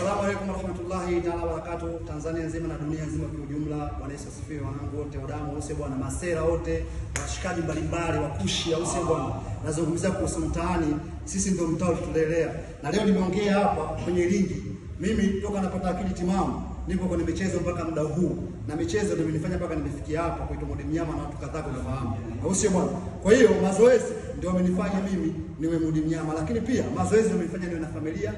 Assalamu alaikum warahmatullahi taala wabarakatuh, Tanzania nzima na dunia nzima kwa ujumla. Bwana Yesu asifiwe, wanangu wote, wadamu wote, bwana masera wote, washikaji mbalimbali, wa kushi au sio bwana. Nazungumzia kuhusu mtaani, sisi ndio mtaa tutulelea, na leo nimeongea hapa kwenye ligi. Mimi toka napata akili timamu niko kwenye michezo mpaka muda huu, na michezo ndio imenifanya mpaka nimefikia hapa kwa Itomo Mnyama na watu kadhaa kwa kunafahamu, au sio bwana? Kwa hiyo mazoezi ndio amenifanya mimi niwe mudi mnyama, lakini pia mazoezi ndio amenifanya niwe na familia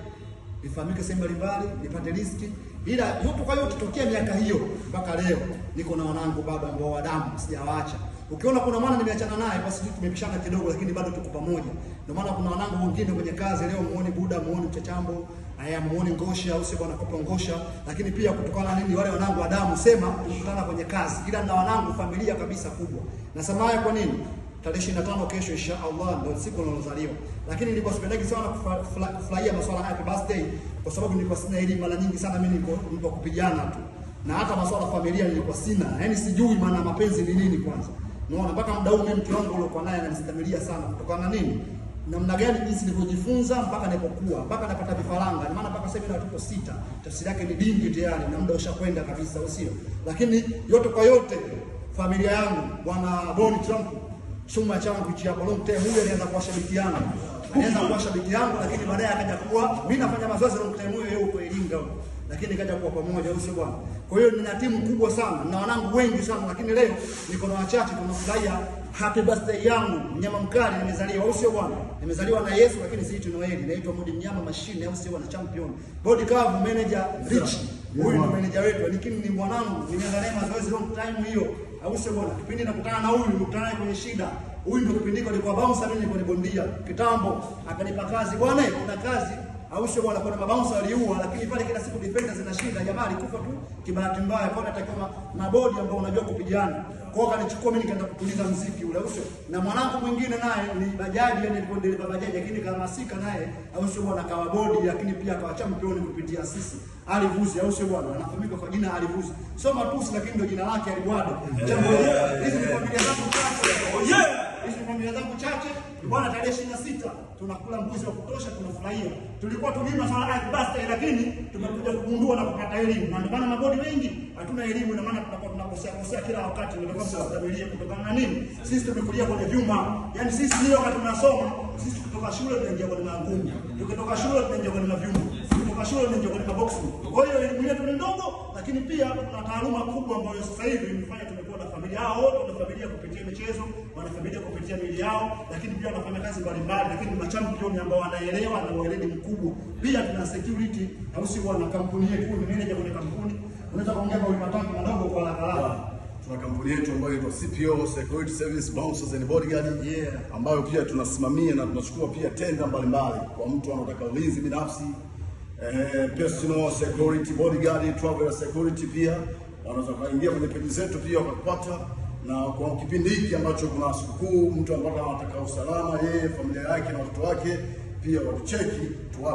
nifahamike sehemu mbalimbali, nipate riziki. Ila yupo kwa yote tokea miaka hiyo mpaka leo niko na wanangu baba ambao wa damu sijawaacha. Ukiona kuna mwana nimeachana naye, basi tumepishana kidogo, lakini bado tuko pamoja. Ndio maana kuna wanangu wengine kwenye kazi leo, muone Buda, muone Mchachambo, haya eh, muone Ngosha au sio bwana Kopo lakini pia kutokana nini, wale wanangu wa damu sema tukutana kwenye kazi, ila na wanangu familia kabisa kubwa. Nasema haya kwa nini? tarehe 25 kesho insha Allah ndio siku nilozaliwa, lakini nilikuwa sipendaki sana kufurahia masuala ya happy birthday kwa sababu nilikuwa sina elimu. Mara nyingi sana mimi niko nilikuwa kupigana tu, na hata masuala familia nilikuwa sina, yaani sijui maana mapenzi ni nini kwanza. Unaona, mpaka muda huu mimi mke wangu uliokuwa naye ananistamilia sana kutokana na nini, namna gani, jinsi nilivyojifunza mpaka nilipokuwa, mpaka napata vifaranga. Ni Maana mpaka sasa hivi na watoto sita, tafsiri yake ni bingi tayari na muda ushakwenda kabisa, usio. Lakini yote kwa yote familia yangu, bwana Bonnie Trump Suma changu kichi yako long time, huyu alianza kuwa shabiki yangu, alianza kwa shabiki yangu, lakini baadaye akaja kuwa mimi nafanya mazoezi long time, huyo yuko Iringa lakini kaja kuwa pamoja, au sio bwana? Kwa hiyo nina timu kubwa sana na wanangu wengi sana, lakini leo niko na wachache tunafurahia happy birthday yangu mnyama mkali, nimezaliwa au sio bwana? Nimezaliwa na Yesu, lakini sisi tunoeli, naitwa Mudi mnyama mashine, au sio bwana? Champion body cover manager Rich, huyu ndo manager wetu, lakini ni mwanangu, nimeanza naye mazoezi long time hiyo au bwana? Kipindi nakutana na huyu, nakutana naye kwenye shida. Huyu ndio kipindi kile kwa bouncer, mimi nilikuwa bondia kitambo, akanipa kazi bwana, kuna kazi au bwana? Kuna mabouncer waliua, lakini pale kila siku defenders zinashinda, jamaa alikufa tu kibahati mbaya, kwa natakiwa bodi ambao unajua kupigana. Kwa hiyo akanichukua mimi nikaenda kutuliza mziki ule usio. Na mwanangu mwingine naye ni bajaji yani alikuwa dereva bajaji lakini kama naye au sio bwana kawa bodi lakini pia kawa cha kupitia sisi. Alivuzi au sio bwana anafahamika kwa jina Alivuzi. Sio matusi lakini ndio jina lake Alibwado. Jambo hili hizi ni familia zangu tatu. Oh, yeah hizi mila zangu chache bwana, tarehe ishirini na sita tunakula mbuzi wa kutosha, tunafurahia. Tulikuwa tulima sana akbasta, lakini tumekuja kugundua na kupata elimu, na ndio maana mabodi mengi hatuna elimu, na maana tunakuwa tunakosea kosea kila wakati, ndio tunastabilia kutokana na nini? Sisi tumekulia kwenye vyuma, yani sisi ndio wakati tunasoma sisi, kutoka shule tunaingia kwenye magumu, tukitoka shule tunaingia kwenye mavyuma, tukitoka shule tunaingia kwenye maboksi. Kwa hiyo elimu yetu ni ndogo, lakini pia tuna taaluma kubwa ambayo sasa hivi imefanya kupitia mili yao, lakini pia wanafanya kazi mbalimbali, lakini machampioni ambao wanaelewa na ueledi mkubwa. Pia tuna security na usi si na kampuni yetu, ni manager kwenye kampuni, unaweza kuongea mawili matatu madogo kwa haraka haraka. Tuna kampuni yetu ambayo inaitwa CPO Security Service Bouncers and Bodyguard, yeah, ambayo pia tunasimamia na tunachukua pia tenda mbalimbali kwa mtu anataka ulinzi binafsi eh, personal security, bodyguard, travel security pia wanaweza kuingia kwenye peji zetu pia wakapata na kwa kipindi hiki ambacho kuna sikukuu, mtu ambaye anataka usalama yeye, familia yake na watoto wake pia watucheki tuwa